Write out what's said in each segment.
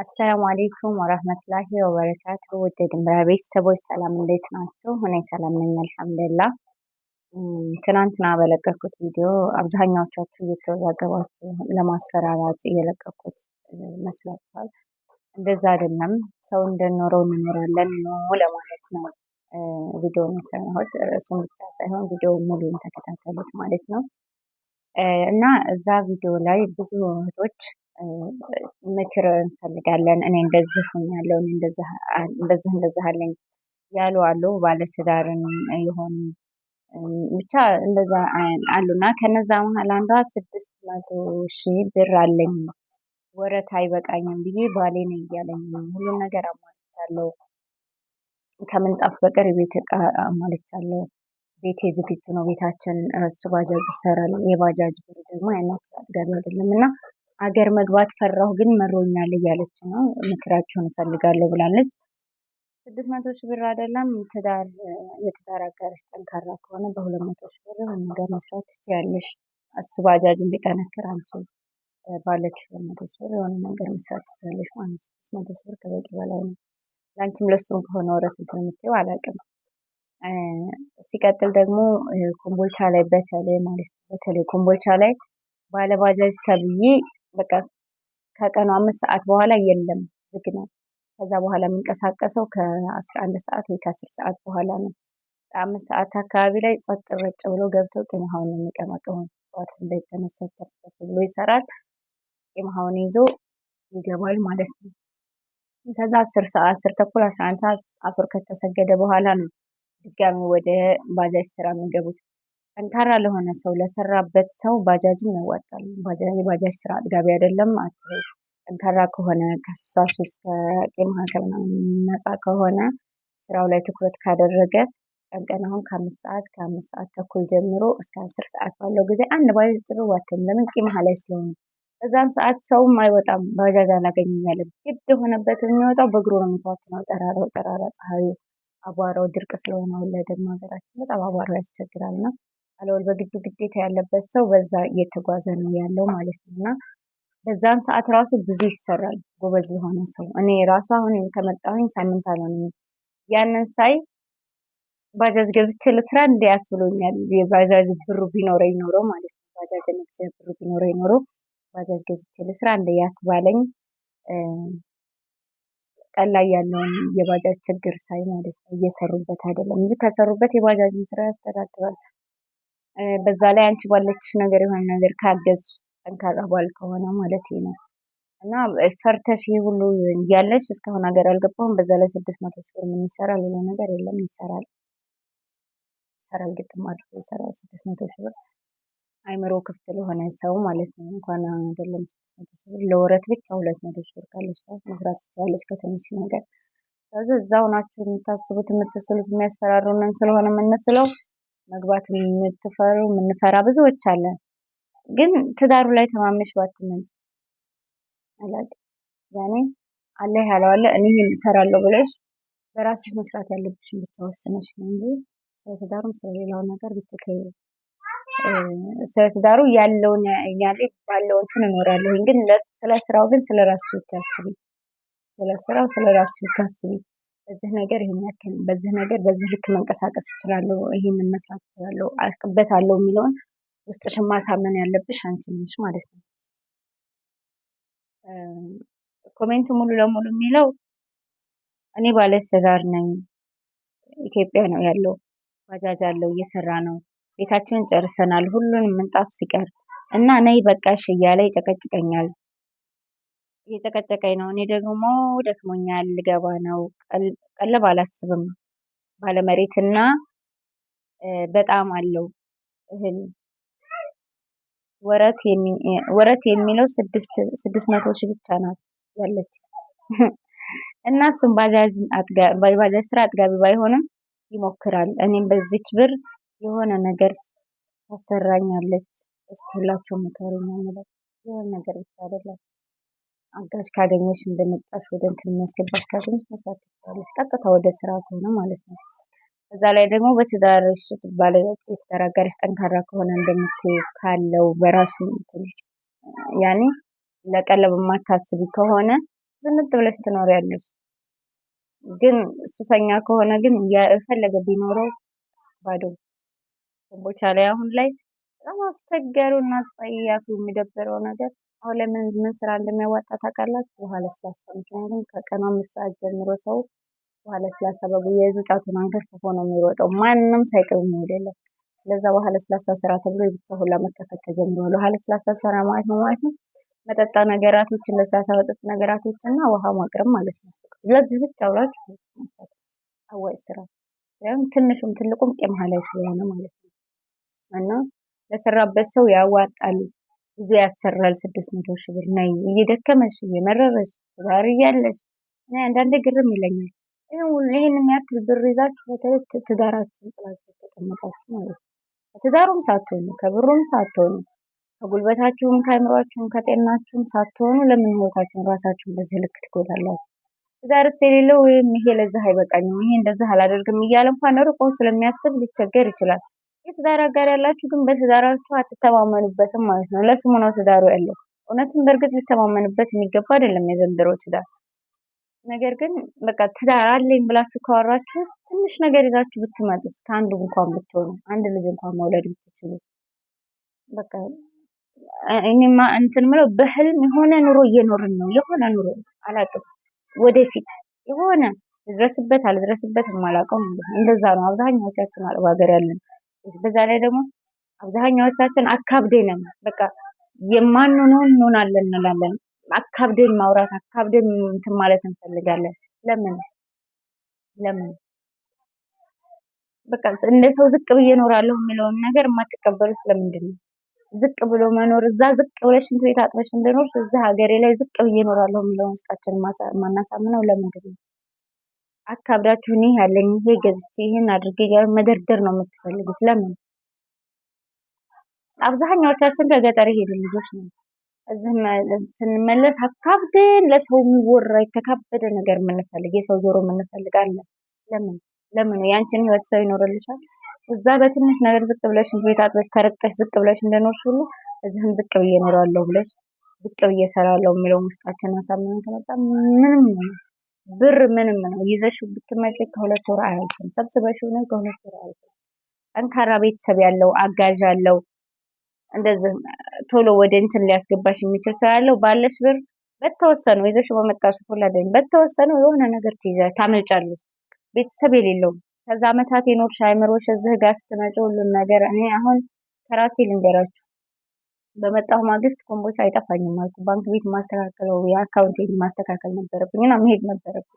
አሰላሙ አሌይኩም ወረህመቱላሂ ወበረካቱ። ውድ ድምራ ቤተሰቦች ሰላም እንዴት ናቸው? እኔ ሰላም ነኝ አልሐምዱሊላህ። ትናንትና በለቀኩት ቪዲዮ አብዛኛዎቻችሁ እየተወዛገባችሁ ለማስፈራራት እየለቀኩት መስሏችኋል። እንደዛ አይደለም። ሰው እንደኖረው እንኖራለን ኖ ለማለት ነው ቪዲዮውን የሰራሁት። ርዕሱን ብቻ ሳይሆን ቪዲዮ ሙሉን ተከታተሉት ማለት ነው እና እዛ ቪዲዮ ላይ ብዙ እህቶች ምክር እንፈልጋለን። እኔ እንደዚህ ሆኛለሁ፣ እንደዚህ እንደዚህ አለኝ ያሉ አሉ። ባለትዳርን የሆኑ ብቻ እንደዛ አሉና ከነዛ መሀል አንዷ ስድስት መቶ ሺህ ብር አለኝ ወረት አይበቃኝም ብዬ ባሌን እያለኝ ሁሉን ነገር አሟልቻለሁ፣ ከምንጣፍ በቀር የቤት እቃ አሟልቻለሁ፣ ቤቴ ዝግጁ ነው፣ ቤታችን እሱ ባጃጅ ይሰራል። የባጃጅ ብር ደግሞ ያን ያክል አይደለም እና አገር መግባት ፈራሁ ግን መሮኛል እያለች ነው። ምክራችሁን እፈልጋለሁ ብላለች። ስድስት መቶ ሺህ ብር አይደለም ትዳር የትዳር አጋርሽ ጠንካራ ከሆነ በሁለት መቶ ሺህ ብር ነገር መስራት ትችያለሽ። እሱ ባጃጅን ቢጠነክር አንቺ ባለች ሁለት መቶ ሺህ ብር የሆነ ነገር መስራት ትችያለሽ ማለት ነው። ስድስት መቶ ሺህ ብር ከበቂ በላይ ነው። ለአንቺም ለሱም ከሆነ ወረስ እንትን የምትይው አላውቅም። ሲቀጥል ደግሞ ኮምቦልቻ ላይ በተለይ ማለት በተለይ ኮምቦልቻ ላይ ባለባጃጅ ተብዬ በቃ ከቀኑ አምስት ሰዓት በኋላ የለም ዝግ ነው። ከዛ በኋላ የምንቀሳቀሰው ከአስራ አንድ ሰዓት ወይ ከአስር ሰዓት በኋላ ነው። አምስት ሰዓት አካባቢ ላይ ጸጥ ረጭ ብሎ ገብቶ ቂምሃውን ነው ጠዋት እንዳይተነሰተር ብሎ ይሰራል። ቂምሃውን ይዞ ይገባል ማለት ነው። ከዛ አስር ሰዓት አስር ተኩል አስራ አንድ ሰዓት አሶር ከተሰገደ በኋላ ነው ድጋሚ ወደ ባጃጅ ስራ የሚገቡት። ጠንካራ ለሆነ ሰው ለሰራበት ሰው ባጃጅን ያዋጣል። የባጃጅ ስራ አጥጋቢ አይደለም። አትሄድ ጠንካራ ከሆነ ከሱሳሱ እስከ ቂም ማዕከል ነፃ ከሆነ ስራው ላይ ትኩረት ካደረገ ቀንቀን ቀን አሁን ከአምስት ሰዓት ከአምስት ሰዓት ተኩል ጀምሮ እስከ አስር ሰዓት ባለው ጊዜ አንድ ባጃጅ ጥሩ ዋትም ለምን ቂምህ ላይ ስለሆነ በዛም ሰዓት ሰውም አይወጣም። ባጃጅ አላገኝ ያለ ግድ የሆነበት የሚወጣው በእግሩ ነው የሚታትነው። ጠራራው ጠራራ ፀሐዩ፣ አቧራው ድርቅ ስለሆነ አሁን ላይ ደግሞ ሀገራችን በጣም አቧራው ያስቸግራል ነው አለወልበግዱ ግዴታ ያለበት ሰው በዛ እየተጓዘ ነው ያለው ማለት ነው። እና በዛን ሰዓት ራሱ ብዙ ይሰራል ጎበዝ የሆነ ሰው። እኔ ራሱ አሁን ከመጣሁኝ ሳምንት አልሆነም። ያንን ሳይ ባጃጅ ገዝቼ ልስራ እንደ ያስብሎኛል። የባጃጅ ብሩ ቢኖረኝ ኖሮ ማለት ነው። ባጃጅ መግዣ ብሩ ቢኖረኝ ኖሮ ባጃጅ ገዝቼ ልስራ እንደ ያስባለኝ ቀላይ ያለውን የባጃጅ ችግር ሳይ ማለት ነው። እየሰሩበት አይደለም እንጂ ከሰሩበት የባጃጅን ስራ ያስተዳድራል። በዛ ላይ አንቺ ባለችሽ ነገር የሆነ ነገር ካገዝሽ ጠንካራ ባል ከሆነ ማለት ነው። እና ፈርተሽ ይህ ሁሉ እያለሽ እስካሁን ሀገር አልገባሁም። በዛ ላይ ስድስት መቶ ሺህ ብር ምን ይሰራል? ሌላ ነገር የለም። ይሰራል ይሰራል፣ ግጥም አድርጎ ይሰራል። ስድስት መቶ ሺህ ብር አይምሮ ክፍት ለሆነ ሰው ማለት ነው። እንኳን አይደለም ስድስት መቶ ሺህ ብር ለወረት ብቻ ሁለት መቶ ሺህ ብር ካለሽ መስራት ትችላለች ከትንሽ ነገር። ስለዚህ እዛው ናችሁ የምታስቡት የምትስሉት የሚያስፈራሩንን ስለሆነ የምንስለው መግባት የምትፈሩ የምንፈራ ብዙዎች አለን። ግን ትዳሩ ላይ ተማምነሽ ባትመጪ አላቅ ያኔ አለ ያለው አለ እኔ እሰራለሁ ብለሽ በራስሽ መስራት ያለብሽ ብቻ ነው እንጂ ስለትዳሩም ስለሌላው ነገር ብትከይ ስለ ትዳሩ ያለውን ያኛል ባለው እንትን እኖራለሁ። ግን ስለ ስራው ግን ስለ ራስሽ ብቻ አስቢ። ስለ ስራው ስለ ራስሽ ብቻ አስቢ። በዚህ ነገር ይሄን ያክል በዚህ ነገር በዚህ ልክ መንቀሳቀስ እችላለሁ፣ ይሄንን መስራት እችላለሁ፣ አቅበታለሁ የሚለውን ውስጥሽን ማሳመን ያለብሽ አንቺ ነሽ ማለት ነው። ኮሜንቱ ሙሉ ለሙሉ የሚለው እኔ ባለትዳር ነኝ፣ ኢትዮጵያ ነው ያለው፣ ባጃጅ አለው፣ እየሰራ ነው፣ ቤታችንን ጨርሰናል፣ ሁሉንም ምንጣፍ ሲቀር እና ነይ በቃሽ እያለ ይጨቀጭቀኛል እየጨቀጨቀኝ ነው። እኔ ደግሞ ደክሞኛል፣ ልገባ ነው። ቀለብ አላስብም። ባለመሬትና በጣም አለው እህል ወረት የሚለው ስድስት መቶ ሺህ ብቻ ናት ያለች እና እሱም ባጃጅ ስራ አጥጋቢ ባይሆንም ይሞክራል። እኔም በዚች ብር የሆነ ነገር ታሰራኛለች። እስኪ ሁላችሁም ምከሩኝ የሆነ ነገር ብቻ አይደለም አጋዥ ካገኘሽ እንደመጣሽ ወደ እንትን የሚያስገባሽ ካገኘሽ መስራት ትችላለሽ። ቀጥታ ወደ ስራ ከሆነ ማለት ነው። እዛ ላይ ደግሞ በትዳርሽ ባለ የትዳር አጋርሽ ጠንካራ ከሆነ እንደምትይው ካለው በራሱ እንትን ያኔ ለቀለብ የማታስቢ ከሆነ ዝንጥ ብለሽ ትኖሪያለሽ። ግን ሱሰኛ ከሆነ ግን የፈለገ ቢኖረው ባዶ ቦቻ ላይ አሁን ላይ በጣም አስቸገሩ እና ጸያፉ የሚደብረው ነገር አሁን ላይ ምን ስራ እንደሚያዋጣ ታውቃላችሁ? ውሃ ለስላሳ። ምክንያቱም ከቀኑ አምስት ሰዓት ጀምሮ ሰው ውሃ ለስላሳ የቅጣቱን አንገት ጽፎ ነው የሚሮጠው፣ ማንም ሳይቀር መሄድ የለም። ለዛ ውሃ ለስላሳ ስራ ተብሎ የብቻ ሁላ መከፈት ተጀምሯል። ውሃ ለስላሳ ስራ ማለት ነው ማለት ነው መጠጣ ነገራቶችን ለስላሳ መጠጥ ነገራቶች እና ውሃ ማቅረብ ማለት ነው። ለዚህ ብቻ ብላችሁ አዋጭ ስራ ወይም ትንሹም ትልቁም ቂም ላይ ስለሆነ ማለት ነው እና ለሰራበት ሰው ያዋጣል። ብዙ ያሰራል። ስድስት መቶ ሺህ ብር ነይ፣ እየደከመሽ እየመረረሽ ትዳር እያለሽ እኔ አንዳንድ ግርም ይለኛል። ይህን የሚያክል ብር ይዛችሁ በተለይ ትዳራችሁን ጥላችሁ ተቀመጣችሁ ማለት ነው። ከትዳሩም ሳትሆኑ ከብሩም ሳትሆኑ ከጉልበታችሁም ከአይምሯችሁም ከጤናችሁም ሳትሆኑ ለምን ህይወታችሁን ራሳችሁን በዚህ ልክ ትጎዳላችሁ? ትዳር ስ የሌለው ወይም ይሄ ለዚህ አይበቃኝም ይሄ እንደዚህ አላደርግም እያለ እንኳን ርቆ ስለሚያስብ ሊቸገር ይችላል። የትዳር አጋር ያላችሁ ግን በትዳራችሁ አትተማመኑበትም ማለት ነው። ለስሙ ነው ትዳሩ ያለው። እውነትም በእርግጥ ሊተማመንበት የሚገባ አይደለም የዘንድሮ ትዳር። ነገር ግን በቃ ትዳር አለኝ ብላችሁ ካወራችሁ ትንሽ ነገር ይዛችሁ ብትመጡ እስከ አንድ እንኳን ብትሆኑ አንድ ልጅ እንኳን መውለድ ብትችሉ በቃ እኔማ እንትን ምለው በህልም የሆነ ኑሮ እየኖርን ነው። የሆነ ኑሮ አላውቅም፣ ወደፊት የሆነ ልድረስበት አልድረስበት የማላውቀው እንደዛ ነው። አብዛኛዎቻችን አረብ ሀገር ያለን በዛ ላይ ደግሞ አብዛኛዎቻችን ነን በቃ የማንነው እንሆናለን እንላለን። አካብደን ማውራት አካብደን እንትን ማለት እንፈልጋለን። ለምን ለምን በቃ እንደ ሰው ዝቅ ብዬ እኖራለሁ የሚለውን ነገር የማትቀበሉ ስለምንድን ነው? ዝቅ ብሎ መኖር እዛ ዝቅ ብለሽ ሽንት ቤት አጥበሽ እንደኖርሽ እዛ ሀገሬ ላይ ዝቅ ብዬ እኖራለሁ የሚለውን ውስጣችን ማናሳምነው ለምንድን ነው? አካብዳችሁ እኔ ያለኝ ይሄ ገዝቼ ይሄን አድርጌ መደርደር ነው የምትፈልጉት። ለምን አብዛኛዎቻችን ከገጠር የሄዱ ልጆች ነው። እዚህ ስንመለስ አካብደን ለሰው የሚወራ የተካበደ ነገር የምንፈልግ የሰው ጆሮ የምንፈልግ አለ። ለምን ለምን ያንቺን ህይወት ሰው ይኖርልሻል? እዛ በትንሽ ነገር ዝቅ ብለሽ ቤት አጥበሽ ተረግጠሽ ዝቅ ብለሽ እንደኖርሽ ሁሉ እዚህም ዝቅ ብዬ እኖራለሁ ብለሽ ዝቅ ብዬ እሰራለሁ የሚለውን ውስጣችን አሳምነን ከመጣ ምንም ነው ብር ምንም ነው። ይዘሽው ብትመጪ ከሁለት ወር አያልፍም። ሰብስበሽው ነው ከሁለት ወር አያልፍም። ጠንካራ ቤተሰብ ያለው አጋዥ ያለው እንደዚህ ቶሎ ወደ እንትን ሊያስገባሽ የሚችል ሰው ያለው ባለሽ ብር በተወሰነው ይዘሽው በመጣሽው በተወሰነ በተወሰነው የሆነ ነገር ትይዛለሽ፣ ታመልጫለሽ። ቤተሰብ የሌለው ከዛ አመታት የኖርሽ አይምሮሽ እዚህ ጋር ስትመጪ ሁሉን ነገር እኔ አሁን ከራሴ ልንገራችሁ በመጣሁ ማግስት ኮምቦች አይጠፋኝም አልኩ። ባንክ ቤት ማስተካከለው የአካውንቴን ማስተካከል ነበረብኝ እና መሄድ ነበረብኝ።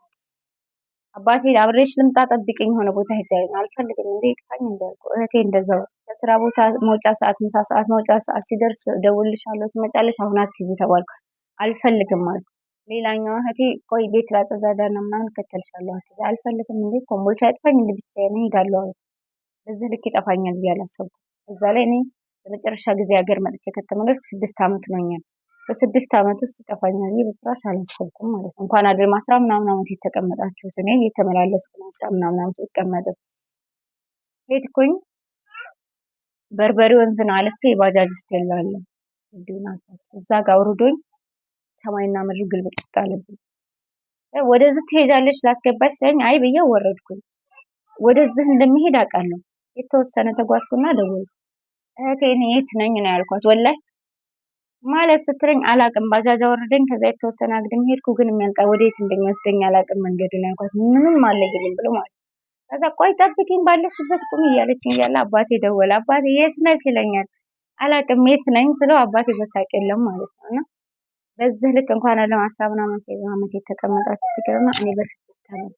አባቴ አብሬሽ ልምጣ ጠብቅኝ የሆነ ቦታ ሄዳለኝ አልፈልግም እንዴ ይጥፋኝ እንዳልኩ። እህቴ እንደዛው ከስራ ቦታ መውጫ ሰዓት፣ ምሳ ሰዓት መውጫ ሰዓት ሲደርስ እደውልልሻለሁ ትመጫለሽ፣ አሁን አትሂጂ ተባልኩ። አልፈልግም አልኩ። ሌላኛው እህቴ ቆይ ቤት ላጸዳዳ ነው ምናምን እከተልሻለሁ አት አልፈልግም እንዴ ኮምቦች አይጥፋኝ እንደ ብቻዬን እሄዳለሁ አልኩ። በዚህ ልክ ይጠፋኛል ብዬ አላሰብኩም። እዛ ላይ እኔ ለመጨረሻ ጊዜ ሀገር መጥቼ ከተመለስኩ ስድስት ዓመት ሆኖኛል። በስድስት ዓመት ውስጥ ይጠፋኛል ብዬ በጭራሽ አላሰብኩም ማለት ነው። እንኳን አይደለም አስራ ምናምን ዓመት የተቀመጣችሁት እኔ እየተመላለስኩ አስራ ምናምን ዓመት ብቀመጥም ሄድኩኝ በርበሬ ወንዝን አልፌ ባጃጅ ስቴላለ እዛ ጋር አውርዶኝ ሰማይና ምድር ግልብጥ አለብኝ። ወደዚህ ትሄጃለች ላስገባች ሳይኝ አይ ብዬ ወረድኩኝ። ወደዚህ እንደሚሄድ አውቃለሁ። የተወሰነ ተጓዝኩና ደወልኩ። እህቴ እኔ የት ነኝ ነው ያልኳት። ወላይ ማለት ስትለኝ አላቅም። ባጃጃ አወረደኝ። ከዛ የተወሰነ አግድም ሄድኩ፣ ግን የሚያልቃ ወዴት እንደሚወስደኝ አላቅም ነው ያልኳት። ምንም አለይልኝ ብሎ ማለት ከዛ ቆይ ጠብቂኝ ባለሽበት ቁም እያለችኝ እያለ አባቴ ደወለ። አባቴ የት ነሽ ይለኛል። አላቅም የት ነኝ ስለው አባቴ በሳቅ የለም ማለት ነው። እና በዚህ ልክ እንኳን አለም አስራ ምናምን ዓመት የተቀመጣችሁ ትግርና እኔ በስድስት ዓመት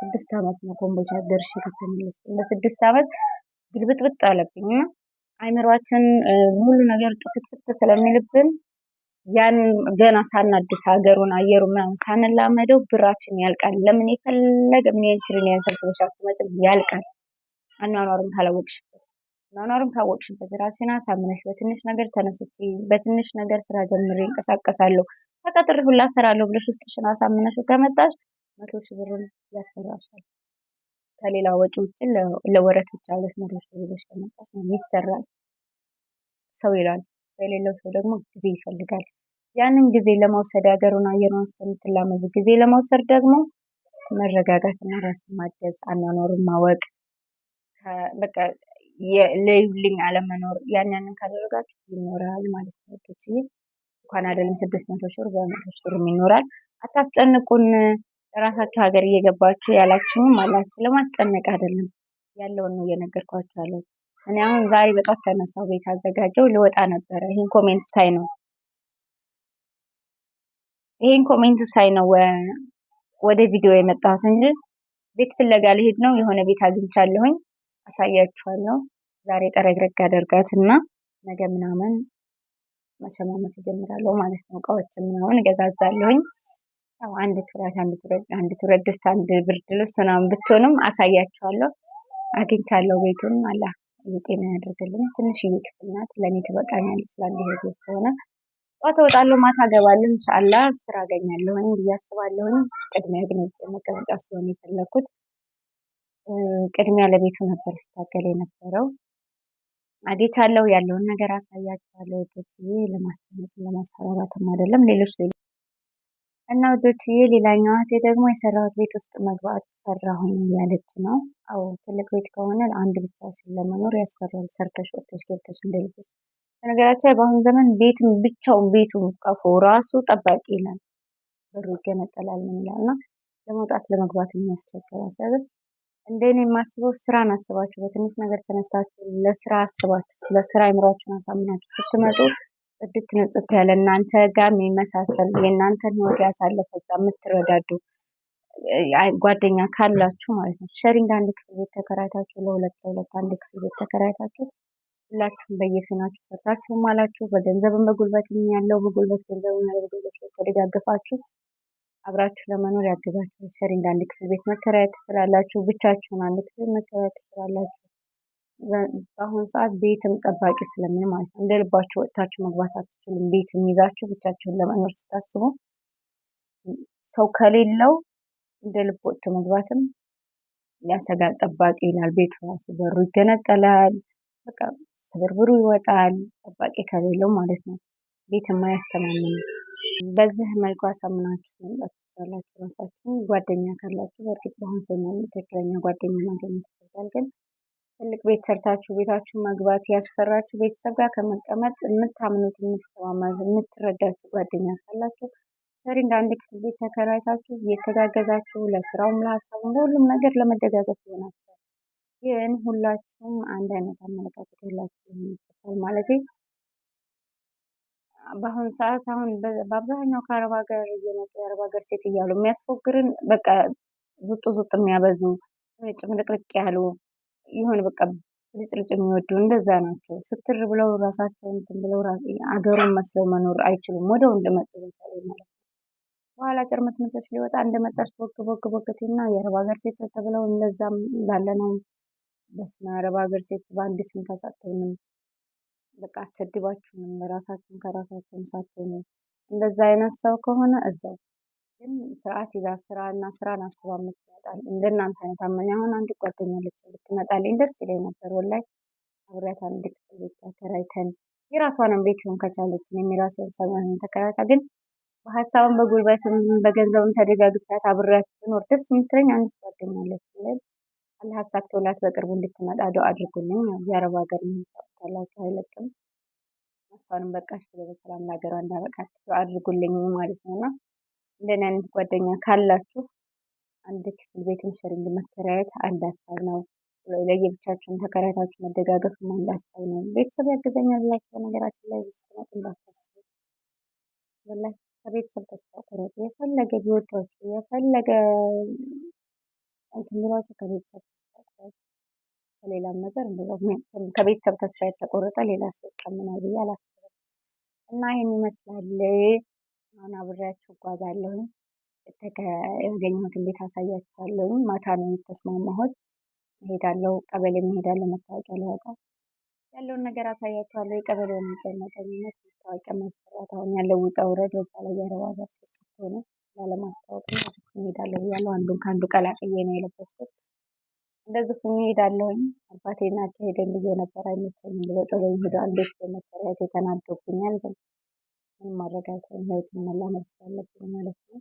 ስድስት ዓመት ነው ኮምቦልቻ ደርሼ ከተመለስኩኝ በስድስት ዓመት ግልብጥብጥ አለብኝ እና አይምሯችን ሙሉ ነገር ጥፍጥፍ ስለሚልብን ያን ገና ሳናድስ ሀገሩን አየሩ ምናምን ሳንላመደው ብራችን ያልቃል። ለምን የፈለገ ሚሊዮን ትሪሊዮን ሰብስበሽ አትመጭም፣ ያልቃል። አኗኗሩን ካላወቅሽበት አኗኗሩን ካወቅሽበት ራስሽን አሳምነሽ በትንሽ ነገር ተነስቼ በትንሽ ነገር ስራ ጀምሬ እንቀሳቀሳለሁ ተቀጥሬ ሁላ እሰራለሁ ብለሽ ውስጥሽን አሳምነሽ ከመጣሽ መቶ ሺህ ብሩን ያሰራሻል። ከሌላ ወጪ ውጭ ለወረት ብቻ ብለሽ መድረሻ ይዘሽ ነው። ይሰራል፣ ሰው ይላል። ሰው የሌለው ሰው ደግሞ ጊዜ ይፈልጋል። ያንን ጊዜ ለመውሰድ ሀገሩን አየሯን እስከምትላመድ ጊዜ ለመውሰድ ደግሞ መረጋጋት እና ራስን ማገዝ፣ አኗኗሩን ማወቅ፣ በቃ የለዩልኝ አለመኖር ያን ያንን ካደረጋችሁ ይኖራል ማለት ነው። እንኳን አይደለም ስድስት መቶ ሺህ ብር በመቶ ሺህ ብርም ይኖራል። አታስጨንቁን። ራሳችሁ ሀገር እየገባችሁ ያላችሁም አላችሁ። ለማስጨነቅ አይደለም ያለውን ነው እየነገርኳችሁ ያለው። እኔ አሁን ዛሬ በጣት ተነሳው ቤት አዘጋጀው ልወጣ ነበረ። ይህን ኮሜንት ሳይ ነው ይህን ኮሜንት ሳይ ነው ወደ ቪዲዮ የመጣሁት እንጂ ቤት ፍለጋ ልሄድ ነው። የሆነ ቤት አግኝቻለሁኝ፣ አሳያችኋለሁ። ዛሬ ጠረግረግ አደርጋት እና ነገ ምናምን መሸማመት እጀምራለሁ ማለት ነው። እቃዎችን ምናምን እገዛዛለሁኝ። አንድ ትራስ አንድ ትረድ አንድ ትረድ ድስት አንድ ብርድ ልብስ ምናምን ብትሆንም አሳያቸዋለሁ። አግኝቻለሁ ቤቱን አላህ የጤና ያደርግልኝ። ትንሽዬ ክፍል ናት፣ ለእኔ ትበቃኛለች። ስላንድ ህይወት ስለሆነ ጠዋት እወጣለሁ፣ ማታ እገባለሁ። ኢንሻአላህ ስራ አገኛለሁኝ ብዬ አስባለሁኝ። ቅድሚያ ግን መቀመጫ ስለሆነ የፈለኩት ቅድሚያ ለቤቱ ነበር ስታገል የነበረው። አግኝቻለሁ፣ ያለውን ነገር አሳያቸዋለሁ። ቶች ለማስተማር ለማስፈራራትም አይደለም ሌሎች እና ውዶችዬ ሌላኛዋ እህቴ ደግሞ የሰራሁት ቤት ውስጥ መግባት ፈራሁኝ እያለች ነው። አዎ ትልቅ ቤት ከሆነ አንድ ብቻሽን ለመኖር ያስፈራል። ሰርተሽ ወጥተሽ ገብተሽ እንደ በነገራችን ላይ በአሁኑ ዘመን ቤትም ብቻውን ቤቱ ቀፎ ራሱ ጠባቂ ይላል፣ በሩ ይገነጠላል ምን ይላል እና ለመውጣት ለመግባት የሚያስቸግር ሰብብ እንደኔ የማስበው ስራን አስባችሁ በትንሽ ነገር ተነስታችሁ ለስራ አስባችሁ ለስራ አይምሯችሁን አሳምናችሁ ስትመጡ ጽድት ንጽት ያለ እናንተ ጋር የሚመሳሰል የእናንተን ህይወት ያሳለፈ ጋር የምትረዳዱ ጓደኛ ካላችሁ ማለት ነው። ሸሪንግ አንድ ክፍል ቤት ተከራይታችሁ ለሁለት ለሁለት አንድ ክፍል ቤት ተከራይታችሁ ሁላችሁም በየፊናችሁ ሰርታችሁም አላችሁ በገንዘብም በጉልበትም ያለው በጉልበት ገንዘብ ያለው በጉልበት የተደጋገፋችሁ አብራችሁ ለመኖር ያግዛችሁ። ሸሪንግ አንድ ክፍል ቤት መከራየት ትችላላችሁ። ብቻችሁን አንድ ክፍል መከራየት ትችላላችሁ። በአሁኑ ሰዓት ቤትም ጠባቂ ስለምን ማለት ነው። እንደ ልባችሁ ወጥታችሁ መግባት አትችሉም። ቤት ይዛችሁ ብቻችሁን ለመኖር ስታስቡ ሰው ከሌለው እንደ ልብ ወጥቶ መግባትም ያሰጋል። ጠባቂ ይላል። ቤቱ ራሱ በሩ ይገነጠላል። በቃ ስብርብሩ ይወጣል። ጠባቂ ከሌለው ማለት ነው። ቤት የማያስተማምን በዚህ መልኩ አሳምናችሁ መምጣት ትችላላችሁ። ራሳችሁን ጓደኛ ካላችሁ በእርግጥ በአሁን ዘመን ትክክለኛ ጓደኛ ማግኘት ይችላል ግን ትልቅ ቤት ሰርታችሁ ቤታችሁ መግባት ያስፈራችሁ ቤተሰብ ጋር ከመቀመጥ የምታምኑት የምትተማመኑት የምትረዳችሁ ጓደኛ ካላችሁ ሰሪ እንደ አንድ ክፍል ቤት ተከራይታችሁ እየተጋገዛችሁ ለስራውም ለሀሳቡም ለሁሉም ነገር ለመደጋገፍ ይሆናችኋል። ግን ሁላችሁም አንድ አይነት አመለካከት ያላችሁ ይገባል ማለት በአሁኑ ሰዓት አሁን በአብዛኛው ከአረብ ሀገር እየመጡ የአረብ ሀገር ሴት እያሉ የሚያስፎግርን በቃ ዙጡ ዙጥ የሚያበዙ ጭምልቅልቅ ያሉ የሆነ በቃ ልጭልጭ የሚወዱ እንደዛ ናቸው። ስትር ብለው ራሳቸውን እንትን ብለው አገሩን መስለው መኖር አይችሉም። ወደው እንደመጡ ለምሳሌ ማለት ነው። በኋላ ጭርምት ምትስ ሊወጣ እንደመጣች ቦክ ቦክ ቦክትና የአረብ ሀገር ሴት ተብለው እንደዛም ላለነው በስመ አብ አረብ ሀገር ሴት በአንድ ስም ተሳትፎንም በቃ አሰድባችሁንም ራሳችሁን ከራሳችሁም ሳትሆኑ እንደዛ አይነት ሰው ከሆነ እዛው ግን ስርዓት ይዛ ስራ እና ስራን አስባ የምትመጣ እንደናንተ አይነት አመኔ አሁን አንድ ጓደኛ ልጅ ብትመጣልኝ ደስ ይለኝ ነበር። ወላይ አብሬያት አንድ ክፍል ቤት ተከራይተን የራሷንም ቤት ሆን ከቻለችን የሚራስ ሰብን ተከራይታ ግን በሀሳብም በጉልበትም በገንዘብም ተደጋግፊያት አብሬያት ብኖር ደስ የምትለኝ አንድ ጓደኛ አለች። አለ ሀሳብ ተውላት በቅርቡ እንድትመጣ ዶ አድርጉልኝ። የአረብ ሀገር ታላቸው አይለቅም እሷንም በቃሽ ብሎ በሰላም ለሀገሯ እንዳበቃት አድርጉልኝ ማለት ነው እና እንደኔ አይነት ጓደኛ ካላችሁ አንድ ክፍል ቤትም ሸሪንግ መከራየት አንድ ሀሳብ ነው። ለየብቻችሁን ተከራይታችሁ መደጋገፍ አንድ ሀሳብ ነው። ቤተሰብ ያገዘኛል ብላችሁ በነገራችን ላይ እዚህ ስትመጡ እንዳታስቡ። ወላሂ ከቤተሰብ ተስፋ ቁረጡ። የፈለገ ቢወዷችሁ የፈለገ እንትን ቢሏችሁ ከቤተሰብ ተስፋ ቁረጡ። ከሌላም ነገር ከቤተሰብ ተስፋ የተቆረጠ ሌላ ሰው ይቀምናል ብዬ አላስብም እና ይህን ይመስላል። አሁን አብሬያችሁ እጓዛለሁኝ። ያገኘሁትን ቤት አሳያችኋለሁኝ። ማታ ነው የተስማማሁት። እሄዳለሁ፣ ቀበሌ እሄዳለሁ፣ መታወቂያ ላወጣ ያለውን ነገር አሳያችኋለሁ። የቀበሌውን አጨናቃኝነት መታወቂያ ማሰራት አሁን ያለው ውጣ ውረድ በዛ ላይ የአረባ ሀገር ሆነ ላለማስታወቅ እሄዳለሁ ብያለሁ። አንዱን ከአንዱ ቀላቅዬ ነው የለበስኩት። እንደዚህ ሁኜ እሄዳለሁኝ። አባቴ ናቸው ሄደን ብዬ ነበር አይመቸኝም ብሎ ጥሎኝ ሄዷል። እንዴት በመከራየት የተናዶብኛል ግን ማድረግ አልችልም ለውጡን መላመድ ስላለብኝ ማለት ነው።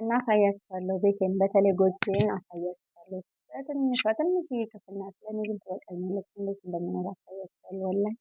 እና አሳያችኋለሁ ቤቴን በተለይ ጎጆዬን አሳያችኋለሁ በትንሽ ትንሽዬ ክፍል ናት ለእኔ ግን ትበቃኛለች እንዴት እንደምኖር አሳያችኋለሁ ወላሂ